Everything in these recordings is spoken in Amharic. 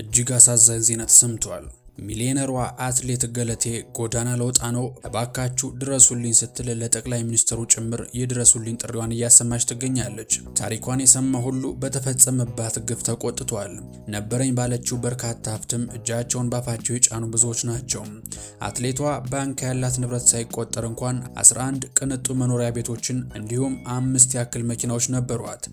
እጅግ አሳዛኝ ዜና ተሰምቷል። ሚሊዮነሯ አትሌት ገለቴ ጎዳና ለውጣ ነው እባካችሁ ድረሱልኝ ስትል ለጠቅላይ ሚኒስትሩ ጭምር የድረሱልኝ ጥሪዋን እያሰማች ትገኛለች። ታሪኳን የሰማ ሁሉ በተፈጸመባት ግፍ ተቆጥቷል። ነበረኝ ባለችው በርካታ ሀብትም እጃቸውን ባፋቸው የጫኑ ብዙዎች ናቸው። አትሌቷ ባንክ ያላት ንብረት ሳይቆጠር እንኳን 11 ቅንጡ መኖሪያ ቤቶችን እንዲሁም አምስት ያክል መኪናዎች ነበሯት።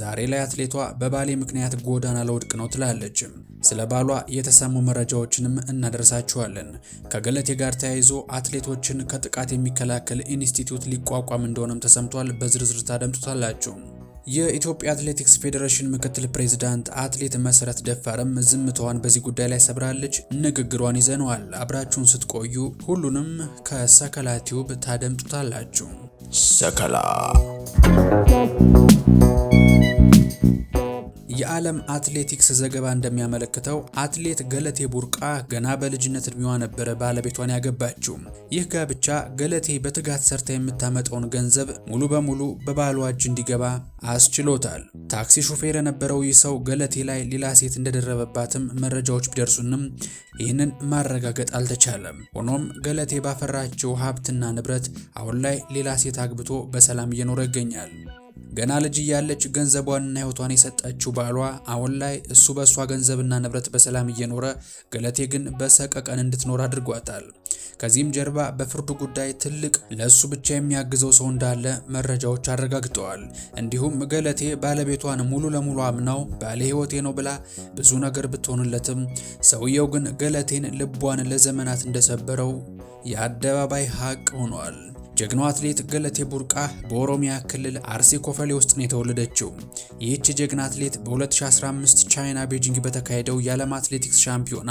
ዛሬ ላይ አትሌቷ በባሌ ምክንያት ጎዳና ለውድቅ ነው ትላለች። ስለ ባሏ የተሰሙ መረጃዎችንም እናደርሳችኋለን። ከገለቴ ጋር ተያይዞ አትሌቶችን ከጥቃት የሚከላከል ኢንስቲትዩት ሊቋቋም እንደሆነም ተሰምቷል። በዝርዝር ታደምጡታላችሁ። የኢትዮጵያ አትሌቲክስ ፌዴሬሽን ምክትል ፕሬዝዳንት አትሌት መሰረት ደፋርም ዝምታዋን በዚህ ጉዳይ ላይ ሰብራለች። ንግግሯን ይዘነዋል። አብራችሁን ስትቆዩ ሁሉንም ከሰከላ ቲዩብ ታደምጡታላችሁ። ሰከላ የዓለም አትሌቲክስ ዘገባ እንደሚያመለክተው አትሌት ገለቴ ቡርቃ ገና በልጅነት እድሜዋ ነበረ ባለቤቷን ያገባችው። ይህ ጋብቻ ገለቴ በትጋት ሰርታ የምታመጣውን ገንዘብ ሙሉ በሙሉ በባሏ እጅ እንዲገባ አስችሎታል። ታክሲ ሹፌር የነበረው ይህ ሰው ገለቴ ላይ ሌላ ሴት እንደደረበባትም መረጃዎች ቢደርሱንም ይህንን ማረጋገጥ አልተቻለም። ሆኖም ገለቴ ባፈራቸው ሀብትና ንብረት አሁን ላይ ሌላ ሴት አግብቶ በሰላም እየኖረ ይገኛል። ገና ልጅ እያለች ገንዘቧንና ሕይወቷን የሰጠችው ባሏ አሁን ላይ እሱ በእሷ ገንዘብና ንብረት በሰላም እየኖረ ገለቴ ግን በሰቀቀን እንድትኖር አድርጓታል። ከዚህም ጀርባ በፍርዱ ጉዳይ ትልቅ ለእሱ ብቻ የሚያግዘው ሰው እንዳለ መረጃዎች አረጋግጠዋል። እንዲሁም ገለቴ ባለቤቷን ሙሉ ለሙሉ አምናው ባለ ሕይወቴ ነው ብላ ብዙ ነገር ብትሆንለትም ሰውየው ግን ገለቴን ልቧን ለዘመናት እንደሰበረው የአደባባይ ሀቅ ሆኗል። ጀግናው አትሌት ገለቴ ቡርቃ በኦሮሚያ ክልል አርሲ ኮፈሌ ውስጥ ነው የተወለደችው። ይህች ጀግና አትሌት በ2015 ቻይና ቤጂንግ በተካሄደው የዓለም አትሌቲክስ ሻምፒዮና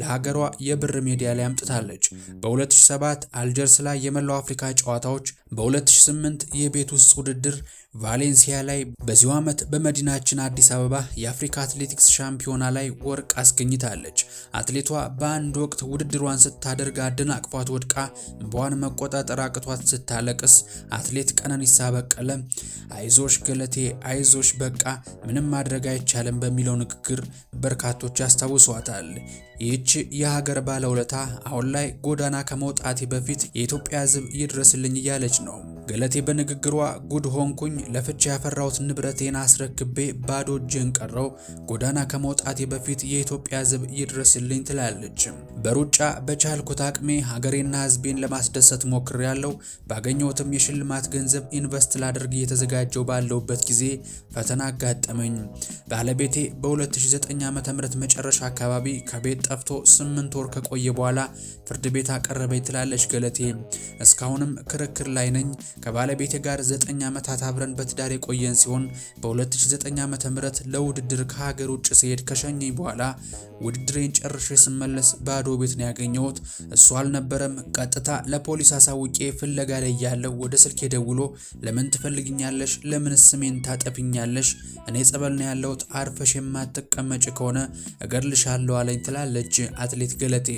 ለሀገሯ የብር ሜዳሊያ አምጥታለች። በ2007 አልጀርስ ላይ የመላው አፍሪካ ጨዋታዎች፣ በ2008 የቤት ውስጥ ውድድር ቫሌንሲያ ላይ፣ በዚሁ ዓመት በመዲናችን አዲስ አበባ የአፍሪካ አትሌቲክስ ሻምፒዮና ላይ ወርቅ አስገኝታለች። አትሌቷ በአንድ ወቅት ውድድሯን ስታደርግ አደናቅፏት ወድቃ እንባዋን መቆጣጠር አቅቷት ስታለቅስ አትሌት ቀነኒሳ በቀለ አይዞሽ ገለቴ አይዞሽ በቃ ምንም ማድረግ አይቻልም በሚለው ንግግር በርካቶች ያስታውሷታል። ይህች የሀገር ባለውለታ አሁን ላይ ጎዳና ከመውጣቴ በፊት የኢትዮጵያ ሕዝብ ይድረስልኝ እያለች ነው። ገለቴ በንግግሯ ጉድ ሆንኩኝ፣ ለፍቻ ያፈራሁት ንብረቴን አስረክቤ ባዶ እጄን ቀረው፣ ጎዳና ከመውጣቴ በፊት የኢትዮጵያ ሕዝብ ይድረስልኝ ትላለች። በሩጫ በቻልኩት አቅሜ ሀገሬና ሕዝቤን ለማስደሰት ሞክር ያለው ባገኘሁትም የሽልማት ገንዘብ ኢንቨስት ላደርግ እየተዘጋጀው ባለውበት ጊዜ ፈተና አጋጠመኝ። ባለቤቴ በ2009 ዓ ም መጨረሻ አካባቢ ከቤት ጠፍቶ 8 ወር ከቆየ በኋላ ፍርድ ቤት አቀረበኝ ትላለች ገለቴ። እስካሁንም ክርክር ላይ ነኝ። ከባለቤት ጋር ዘጠኝ ዓመታት አብረን በትዳር የቆየን ሲሆን በ2009 ዓ.ም ለውድድር ከሀገር ውጭ ሲሄድ ከሸኘኝ በኋላ ውድድሬን ጨርሼ ስመለስ ባዶ ቤት ነው ያገኘሁት። እሱ አልነበረም። ቀጥታ ለፖሊስ አሳውቄ ፍለጋ ላይ ያለው ወደ ስልኬ ደውሎ ለምን ትፈልግኛለሽ? ለምን ስሜን ታጠፊኛለሽ? እኔ ጸበል ነው ያለሁት። አርፈሽ የማትቀመጭ ከሆነ እገድልሻለሁ አለኝ ትላለች አትሌት ገለቴ።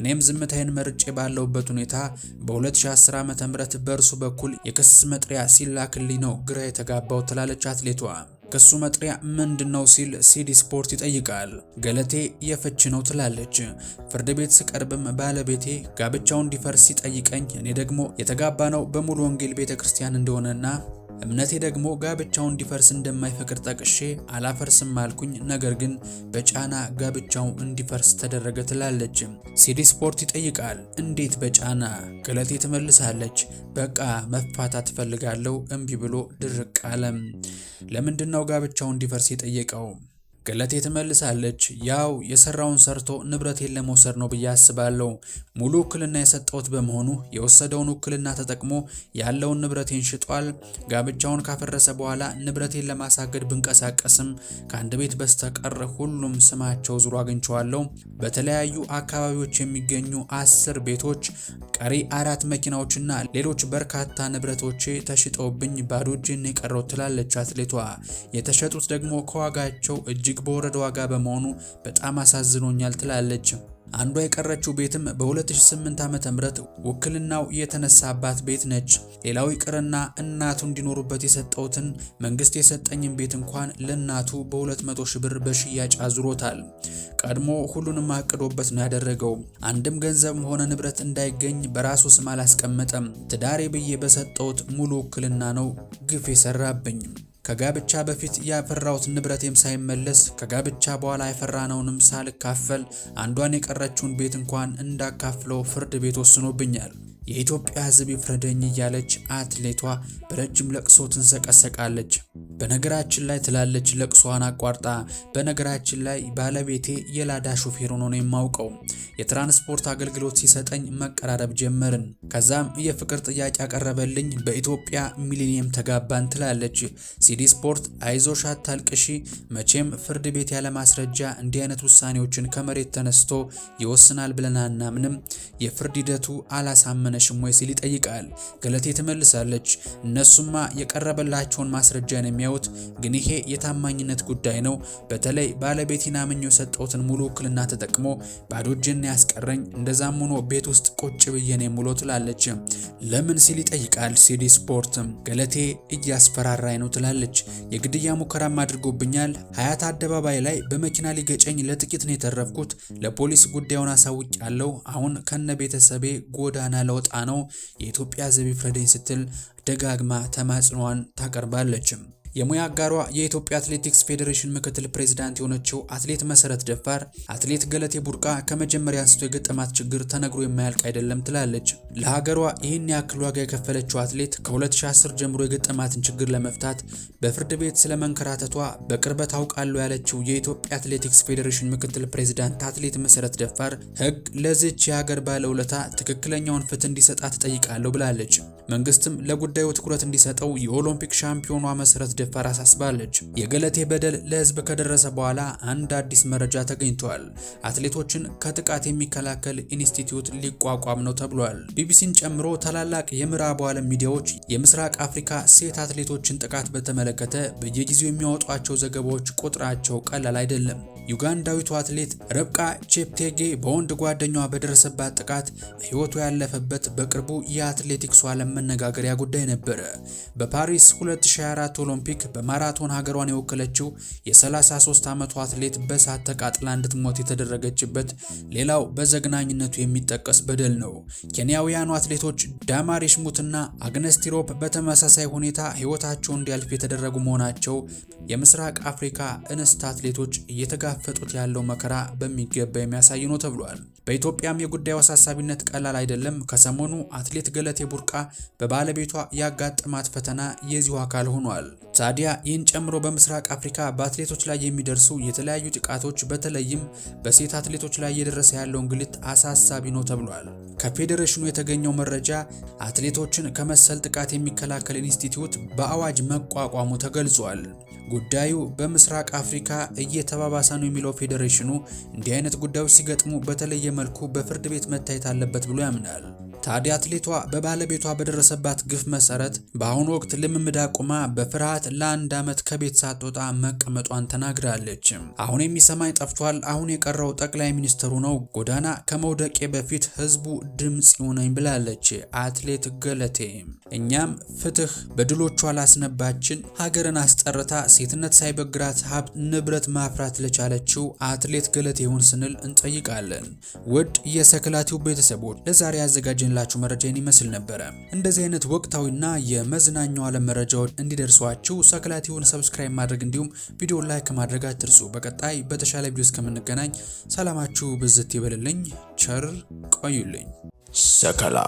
እኔም ዝምታዬን መርጬ ባለውበት ሁኔታ በ2010 ዓ.ም በእርሱ በኩል በኩል የክስ መጥሪያ ሲላክልኝ ነው ግራ የተጋባው ትላለች አትሌቷ። ክሱ መጥሪያ ምንድን ነው ሲል ሲዲ ስፖርት ይጠይቃል። ገለቴ የፍች ነው ትላለች። ፍርድ ቤት ስቀርብም ባለቤቴ ጋብቻው እንዲፈርስ ሲጠይቀኝ እኔ ደግሞ የተጋባ ነው በሙሉ ወንጌል ቤተ ክርስቲያን እንደሆነና እምነቴ ደግሞ ጋብቻው እንዲፈርስ እንደማይፈቅድ ጠቅሼ አላፈርስም አልኩኝ። ነገር ግን በጫና ጋብቻው እንዲፈርስ ተደረገ ትላለች። ሲዲ ስፖርት ይጠይቃል፣ እንዴት በጫና ገለቴ ትመልሳለች፣ በቃ መፋታት እፈልጋለሁ። እምቢ ብሎ ድርቅ አለም። ለምንድነው ጋብቻው እንዲፈርስ የጠየቀው? ገለቴ ትመልሳለች። ያው የሰራውን ሰርቶ ንብረቴን ለመውሰድ ነው ብዬ አስባለሁ። ሙሉ ውክልና የሰጠሁት በመሆኑ የወሰደውን ውክልና ተጠቅሞ ያለውን ንብረቴን ሽጧል። ጋብቻውን ካፈረሰ በኋላ ንብረቴን ለማሳገድ ብንቀሳቀስም ከአንድ ቤት በስተቀር ሁሉም ስማቸው ዙሮ አግኝቸዋለሁ። በተለያዩ አካባቢዎች የሚገኙ አስር ቤቶች፣ ቀሪ አራት መኪናዎችና ሌሎች በርካታ ንብረቶቼ ተሽጠውብኝ ባዶ እጄን የቀረው ትላለች አትሌቷ። የተሸጡት ደግሞ ከዋጋቸው እጅግ እጅግ በወረደ ዋጋ በመሆኑ በጣም አሳዝኖኛል ትላለች። አንዷ የቀረችው ቤትም በ2008 ዓ.ም ውክልናው የተነሳባት ቤት ነች። ሌላው ይቅርና እናቱ እንዲኖሩበት የሰጠውትን መንግስት የሰጠኝን ቤት እንኳን ለእናቱ በ200 ሺህ ብር በሽያጭ አዙሮታል። ቀድሞ ሁሉንም አቅዶበት ነው ያደረገው። አንድም ገንዘብም ሆነ ንብረት እንዳይገኝ በራሱ ስም አላስቀመጠም። ትዳሬ ብዬ በሰጠውት ሙሉ ውክልና ነው ግፍ የሰራብኝ። ከጋብቻ በፊት ያፈራሁት ንብረቴም ሳይመለስ ከጋብቻ በኋላ ያፈራነውንም ሳልካፈል አንዷን የቀረችውን ቤት እንኳን እንዳካፍለው ፍርድ ቤት ወስኖብኛል። የኢትዮጵያ ሕዝብ ይፍረደኝ እያለች አትሌቷ በረጅም ለቅሶ ትንሰቀሰቃለች። በነገራችን ላይ ትላለች ለቅሷን አቋርጣ፣ በነገራችን ላይ ባለቤቴ የላዳ ሾፌር ሆኖ ነው የማውቀው። የትራንስፖርት አገልግሎት ሲሰጠኝ መቀራረብ ጀመርን። ከዛም የፍቅር ጥያቄ ያቀረበልኝ በኢትዮጵያ ሚሊኒየም ተጋባን ትላለች። ሲዲ ስፖርት አይዞሽ አታልቅሺ፣ መቼም ፍርድ ቤት ያለማስረጃ እንዲህ አይነት ውሳኔዎችን ከመሬት ተነስቶ ይወስናል ብለን አናምንም። የፍርድ ሂደቱ አላሳመነ ነሽም ወይ ሲል ይጠይቃል። ገለቴ ትመልሳለች፣ እነሱማ የቀረበላቸውን ማስረጃ ነው የሚያዩት፣ ግን ይሄ የታማኝነት ጉዳይ ነው። በተለይ ባለቤቴን አምኜ የሰጠሁትን ሙሉ ውክልና ተጠቅሞ ባዶ እጄን ያስቀረኝ፣ እንደዛም ሆኖ ቤት ውስጥ ቁጭ ብዬ ነው የምውለው ትላለች። ለምን ሲል ይጠይቃል። ሲዲ ስፖርት። ገለቴ እያስፈራራኝ ነው ትላለች። የግድያ ሙከራም አድርጎብኛል። ሀያት አደባባይ ላይ በመኪና ሊገጨኝ ለጥቂት ነው የተረፍኩት። ለፖሊስ ጉዳዩን አሳውቅ ያለው አሁን ከነ ቤተሰቤ ጎዳና ለወጣ ነው የኢትዮጵያ ሕዝብ ይፍረደኝ ስትል ደጋግማ ተማጽኗን ታቀርባለችም። የሙያ አጋሯ የኢትዮጵያ አትሌቲክስ ፌዴሬሽን ምክትል ፕሬዚዳንት የሆነችው አትሌት መሰረት ደፋር አትሌት ገለቴ ቡርቃ ከመጀመሪያ አንስቶ የገጠማት ችግር ተነግሮ የማያልቅ አይደለም ትላለች። ለሀገሯ ይህን ያክል ዋጋ የከፈለችው አትሌት ከ2010 ጀምሮ የገጠማትን ችግር ለመፍታት በፍርድ ቤት ስለ መንከራተቷ በቅርበት አውቃለሁ ያለችው የኢትዮጵያ አትሌቲክስ ፌዴሬሽን ምክትል ፕሬዚዳንት አትሌት መሰረት ደፋር ህግ ለዚች የሀገር ባለውለታ ትክክለኛውን ፍትህ እንዲሰጣት ትጠይቃለሁ ብላለች። መንግስትም ለጉዳዩ ትኩረት እንዲሰጠው የኦሎምፒክ ሻምፒዮኗ መሰረት ጀፋር አሳስባለች። የገለቴ በደል ለህዝብ ከደረሰ በኋላ አንድ አዲስ መረጃ ተገኝቷል። አትሌቶችን ከጥቃት የሚከላከል ኢንስቲትዩት ሊቋቋም ነው ተብሏል። ቢቢሲን ጨምሮ ታላላቅ የምዕራቡ ዓለም ሚዲያዎች የምስራቅ አፍሪካ ሴት አትሌቶችን ጥቃት በተመለከተ በየጊዜው የሚያወጧቸው ዘገባዎች ቁጥራቸው ቀላል አይደለም። ዩጋንዳዊቱ አትሌት ረብቃ ቼፕቴጌ በወንድ ጓደኛዋ በደረሰባት ጥቃት ህይወቱ ያለፈበት በቅርቡ የአትሌቲክሱ ዓለም መነጋገሪያ ጉዳይ ነበረ። በፓሪስ 2024 ኦሎምፒክ ኦሎምፒክ በማራቶን ሀገሯን የወከለችው የ33 ዓመቱ አትሌት በእሳት ተቃጥላ እንድትሞት የተደረገችበት ሌላው በዘግናኝነቱ የሚጠቀስ በደል ነው። ኬንያውያኑ አትሌቶች ዳማሪሽ ሙትና አግነስ ቲሮፕ በተመሳሳይ ሁኔታ ሕይወታቸው እንዲያልፍ የተደረጉ መሆናቸው የምስራቅ አፍሪካ እንስት አትሌቶች እየተጋፈጡት ያለው መከራ በሚገባ የሚያሳይ ነው ተብሏል። በኢትዮጵያም የጉዳዩ አሳሳቢነት ቀላል አይደለም። ከሰሞኑ አትሌት ገለቴ ቡርቃ በባለቤቷ ያጋጠማት ፈተና የዚሁ አካል ሆኗል። ታዲያ ይህን ጨምሮ በምስራቅ አፍሪካ በአትሌቶች ላይ የሚደርሱ የተለያዩ ጥቃቶች በተለይም በሴት አትሌቶች ላይ እየደረሰ ያለው እንግልት አሳሳቢ ነው ተብሏል። ከፌዴሬሽኑ የተገኘው መረጃ አትሌቶችን ከመሰል ጥቃት የሚከላከል ኢንስቲትዩት በአዋጅ መቋቋሙ ተገልጿል። ጉዳዩ በምስራቅ አፍሪካ እየተባባሰ ነው የሚለው ፌዴሬሽኑ እንዲህ አይነት ጉዳዮች ሲገጥሙ በተለየ መልኩ በፍርድ ቤት መታየት አለበት ብሎ ያምናል። ታዲያ አትሌቷ በባለቤቷ በደረሰባት ግፍ መሰረት በአሁኑ ወቅት ልምምድ አቁማ በፍርሃት ለአንድ ዓመት ከቤት ሳትወጣ መቀመጧን ተናግራለች። አሁን የሚሰማኝ ጠፍቷል፣ አሁን የቀረው ጠቅላይ ሚኒስትሩ ነው፣ ጎዳና ከመውደቄ በፊት ህዝቡ ድምፅ ይሆነኝ ብላለች አትሌት ገለቴ። እኛም ፍትህ በድሎቿ ላስነባችን ሀገርን አስጠርታ ሴትነት ሳይበግራት ሀብት ንብረት ማፍራት ለቻለችው አትሌት ገለቴ ይሁን ስንል እንጠይቃለን። ውድ የሰክላቲው ቤተሰቦች ለዛሬ ያዘጋጀ የላችሁ መረጃን ይመስል ነበረ። እንደዚህ አይነት ወቅታዊና የመዝናኛው ዓለም መረጃዎች እንዲደርሷችሁ ሰክላቲውን ሰብስክራይብ ማድረግ እንዲሁም ቪዲዮ ላይክ ማድረግ አትርሱ። በቀጣይ በተሻለ ቪዲዮ እስከምንገናኝ ሰላማችሁ ብዝት ይበልልኝ። ቸር ቆዩልኝ። ሰከላ